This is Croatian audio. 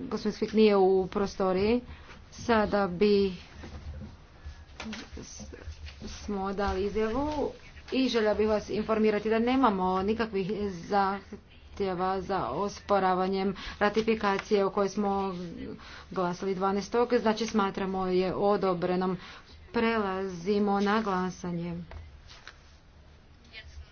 Gospodin Svik nije u prostoriji. Sada bi smo dali izjavu i želja bih vas informirati da nemamo nikakvih zahtjeva za osporavanjem ratifikacije o kojoj smo glasali 12. Znači smatramo je odobrenom. Prelazimo na glasanje.